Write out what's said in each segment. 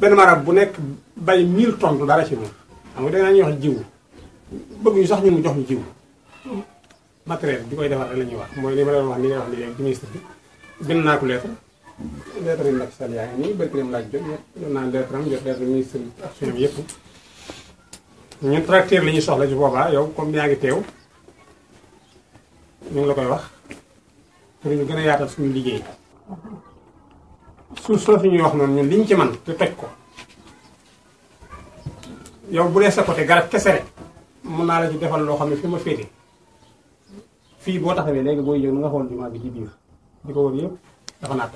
ben marab bu nek bay 1000 tonnes dara ci mom xam nga danañuy wax jiw bëgg ñu sax ñu jox ñu jiw matériel di koy defar rek wax moy li ma doon wax ni nga wax ni léegi ministre bi bind na ko lettre lettre yi sal yaay ni ngi nii laaj jox ñu na lettre am jox lettre ministre bi ak suñu yëpp ñun tracteur la ñuy soxla ci boba yow comme yaa ngi ñu ngi la koy wax pour ñu gëna yaatal suñu liggéey su soo fi ñuy wax noonu ñun liñ ci man te toj ko yow bu dee sa côté garab kese rek mun naa la ci defal loo xam ne fi ma féete fii boo taxawee léegi booy yëg na nga xool jumaa bi ci biir di ko wër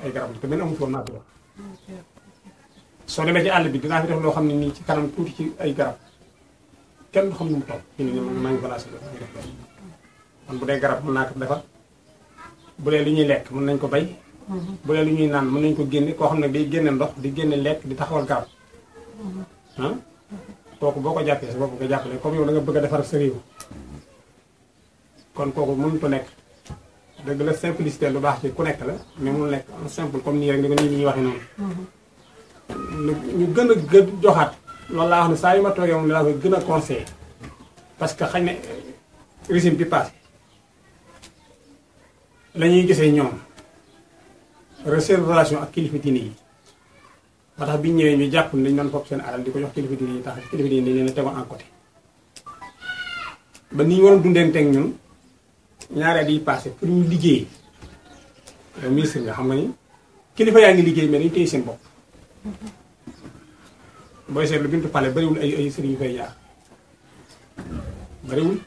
ay garab te benn amu fi woon naat la soo demee ci àll bi dinaa fi def loo xam ne nii ci kanam tuuti ci ay garab kenn du xam nu mu toll fii nii maa ngi placé def kon bu dee garab mën naa ko defar bu dee li ñuy lekk mën nañ ko bay bu dee lu ñuy naan mën nañ ko génne koo xam ne day génne ndox di génne lekk di taxawal garab ah kooku boo ko jàppee sa bopp nga jàppale comme yow da nga bëgg a defar sa réew kon kooku ko nekk dëgg la simplicité lu baax ci ku nekk la mais mënul nekk simple comme nii rek ni ko nii ñuy waxee noonu ñu gën a gën joxaat loolu laa wax ne saa yu ma toogee moom laa koy gën a conseillé parce que xañ ne régime bi passé la ñuy gisee ñoom seen relation ak kilifa diine yi ba tax biñ ñëwee ñu jàpp ne dañ doon fopp seen alal di ko jox kilifa diine yi tax kilifa diine yi dañ leen tegoon en côté ba ni ñu waroon dundeenteeg ñun ñaareel yi passé pour ñu liggéey yow ministre nga xam nga ni kilifa yaa ngi liggéey mais dañu téye seen bopp booy seetlu bintu pale bariwul ay ay sëriñ yu fay jaar bariwul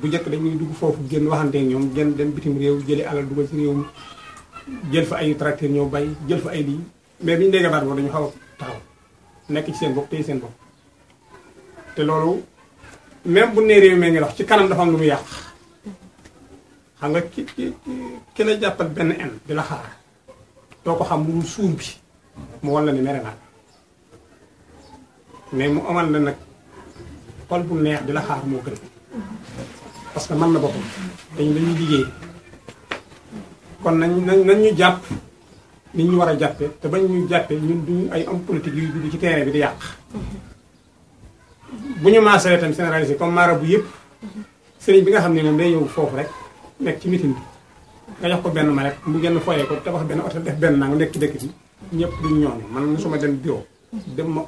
bu njëkk dañuy dugg foofu génn waxanteeg ñoom génn dem bitim réew jëli alal dugal ci réew mi jël fa ay tracteur ñoo bay jël fa ay li mais biñu ñu déggee baat boobu dañu xaw a taxaw nekk ci seen bopp tey seen bopp te loolu même bu nee réew mee ngi dox ci kanam dafa am lu mu yàq xam nga ki ki ki na jàppal benn en di la xaar doo ko xam lu suur bi mu wan la ni mere naa mais mu amal la nag xol bu neex di la xaar moo gën parce que man na boppam dañu dañuy liggéey kon nañ nañ ñu jàpp ni ñu war a jàppee te bañ ñu jàppee ñu duñu ay homme politique yuy dugg ci terrain bi di yàq. bu ñu maasalee itam généralisé comme marabu yëpp sëriñ bi nga xam ne moom day ñëw foofu rek nekk ci mitin bi nga ko benn ma rek genn fooyee ko tabax benn oto def benn nangu nekk ci dëkk bi ñëpp duñ ñoom man mosuma dem bureau dem ma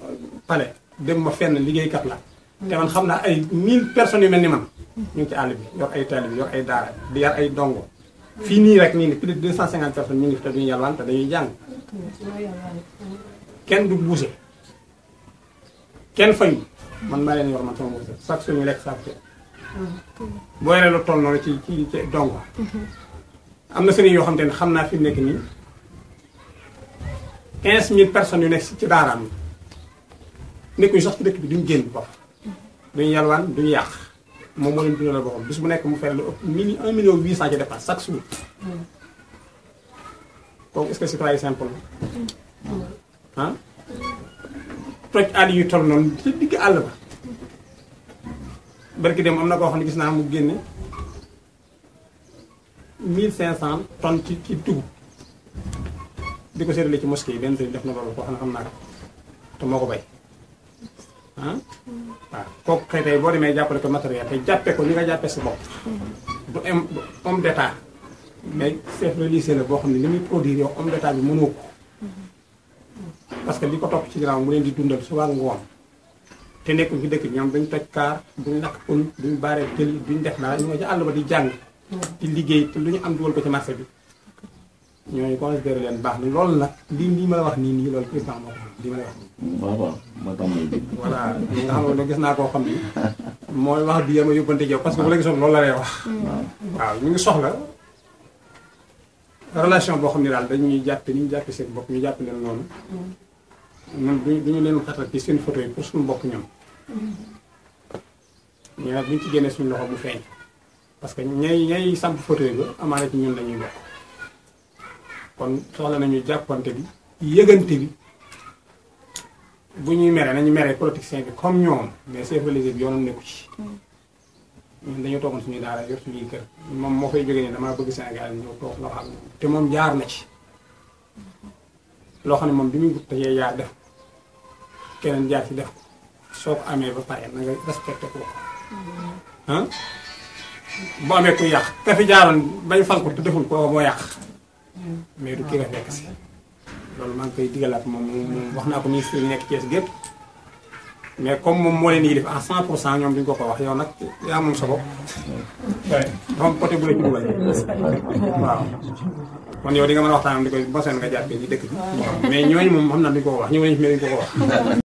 palais dem ma fenn liggéeykat la te man xam naa ay mille personnes yu mel ni man ñu ci àll bi yor ay taalibe yor ay daara di yar ay dongo fii nii rek ñu ngi plus de 250 personnes ñu ngi fi te duñu yalwaan te dañuy jàng kenn du buuse kenn fayu man maa leen yor man sama buuse sax suñu lekk sax te boo yoree lu toll noonu ci ci ci dong am na sëriñ yoo xam ne ne xam naa fi mu nekk nii 15000 personnes yu nekk ci daaraam nekkuñu sax ci dëkk bi duñ génn bopp duñu yalwaan duñu yàq. moom moo leen dundal boppam bis bu nekk mu fay la ëpp mini un million huit cent ci dépense chaque jour. kooku est ce que citoyen simple la ah. toj àll yu toll noonu ci digg àll ba barki dem am na koo xam ne gis naa mu génne mille cinq cent tonnes ci ci dugub di ko séddale ci mosquée benn sëriñ def na loolu koo xam ne xam naa ko te moo ko bay. ah waaw ah, kooku kay tey boo demee jàppale ko matériel te jàppee ko ni nga jàppee si bopp. du am homme d'état mais chef de lycée la boo xam ne ni muy produire yow homme d'état bi mënoo ko. parce que li ko topp ci ginnaaw mu leen di dundal waa ngoon te nekkuñ ci dëkk bi ñoom duñ toj kaar duñ lakk pël duñ baaree tël duñ def dara ñu nga ci àll ba di jàng. di liggéey te lu ñu am dugal ko ci marché bi. ñooñu considéré leen baax na loolu nag lii lii ma wax nii nii loolu président moo ko lii ma la wax nii. waaw moo tax muy dégg. voilà li nga xam ne gis naa koo xam ni mooy wax bi yama yóbbante yow parce que bu la gisoon loolu la lay wax. waaw ñu ngi soxla relation boo xam ne daal dañuy jàpp ni ñu jàpp seen bopp ñu jàpp leen noonu. ñun du duñu leen xatal ci seen photo yi pour suñu bokk ñoom. ñu nag ci génnee suñu loxo bu feeñ parce que ñay ñay samp photo yi ba amaana ci ñun lañuy bokk. kon soxla nañu jàppante bi yëgante bi bu ñuy mere nañu mere politicien bi comme ñoom mais chef religieux bi yoonam nekku ci dañu dañoo toogoon suñuy daara yor suñuy kër moom moo fay jógee ne damaa bëgg Sénégal ñëw toog loo xam te moom jaar na ci loo xam ne moom bi muy wut dafay jaar def keneen jaar ci def ko soo ko amee ba pare na nga respecté ko ah bu amee ku yàq ka fi jaaroon bañ fal ko te deful koo moo yàq. mais du ki nga nekk si loolu maa ngi koy digalaat moom moom wax naa ko ni yi nekk Thiès gépp mais comme moom moo leen yi def en cent pour cent ñoom duñu ko ko wax yow nag yaa moom sa bopp moom côté bu la ci dugal waaw kon yow di nga mën a waxtaan di koy bosen nga jàppee ci dëkk bi mais ñooñu moom xam naa duñu ko ko wax ñëw nañu fi mais duñu ko ko wax